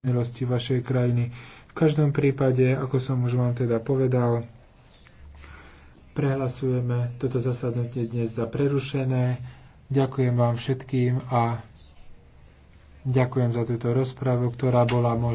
milosti vašej krajiny. V každom prípade, ako som už vám teda povedal, prehlasujeme toto zasadnutie dnes za prerušené. Ďakujem vám všetkým a ďakujem za túto rozpravu, ktorá bola možná.